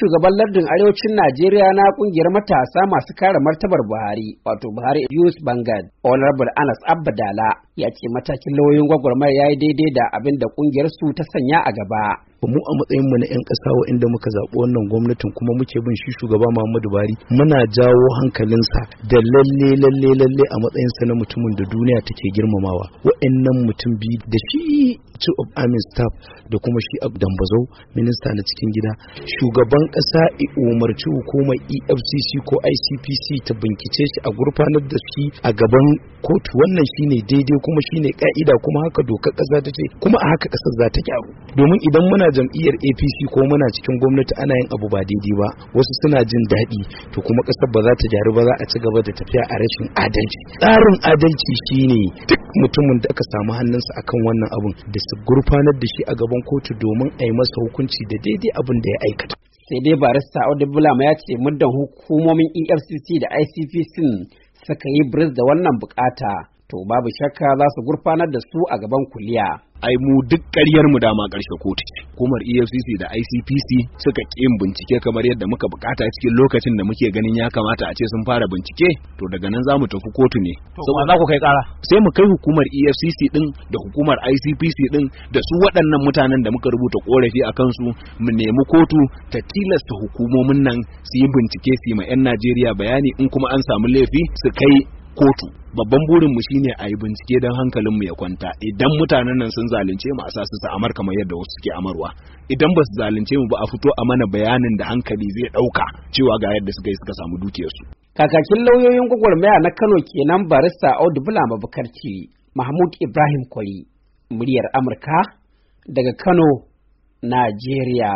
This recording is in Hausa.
shugaban lardin arewacin Najeriya na kungiyar matasa masu kare martabar Buhari, wato Buhari Youth Bangad, Honorable Anas Abdala, ya ce matakin lauyoyin gwagwarmaya ya yi daidai da abin da kungiyar su ta sanya a gaba. mu a matsayin mu na yan ƙasa waɗanda muka zaɓi wannan gwamnatin kuma muke bin shi shugaba Muhammadu Buhari muna jawo hankalinsa da lalle lalle lalle a matsayin sa na mutumin da duniya take girmamawa waɗannan mutum biyu da shi chief of army staff da kuma shi Dambazo minista na cikin gida shugaban ƙasa umarci hukumar EFCC ko ICPC ta bincike shi a gurfanar da shi a gaban kotu wannan shine daidai kuma shine ka'ida kuma haka dokar ƙasa ta ce kuma a haka ƙasar za ta gyaru domin idan muna jam'iyyar apc ko muna cikin gwamnati ana yin abu ba daidai ba wasu suna jin daɗi to kuma ƙasar ba za ta gyaru ba za a ci gaba da tafiya a rashin adalci tsarin adalci shine duk mutumin da aka samu hannunsa akan wannan abun da su gurfanar da shi a gaban kotu domin a yi masa hukunci da daidai abin da ya aikata sai dai barista Audu bulama ya ce muddin hukumomin EFCC da ICPC suka yi bris da wannan bukata to babu shakka za su gurfanar da su a gaban kuliya. ai mu duk ƙaryar mu dama ƙarshe kotu hukumar EFCC da ICPC suka ƙin bincike kamar yadda muka bukata cikin lokacin da muke ganin ya kamata a ce sun fara bincike to daga nan zamu tafi kotu ne saboda za ku kai ƙara sai mu kai hukumar EFCC din da hukumar ICPC din da su waɗannan mutanen da muka rubuta korafi a kansu mu nemi kotu ta tilasta hukumomin nan su yi bincike su yi ma 'yan Najeriya bayani in kuma an samu laifi su kai kotu babban burin mu shine a yi bincike don hankalin mu ya kwanta idan mutanen nan sun zalunce mu a sa su amar kamar yadda wasu suke amarwa idan ba su zalunce mu ba a fito a mana bayanin da hankali zai ɗauka cewa ga yadda suka yi suka samu dukiyarsu kakakin lauyoyin gwagwarmaya na Kano kenan barista Audu Bulama ce Mahmud Ibrahim Kwari muryar Amurka daga Kano Najeriya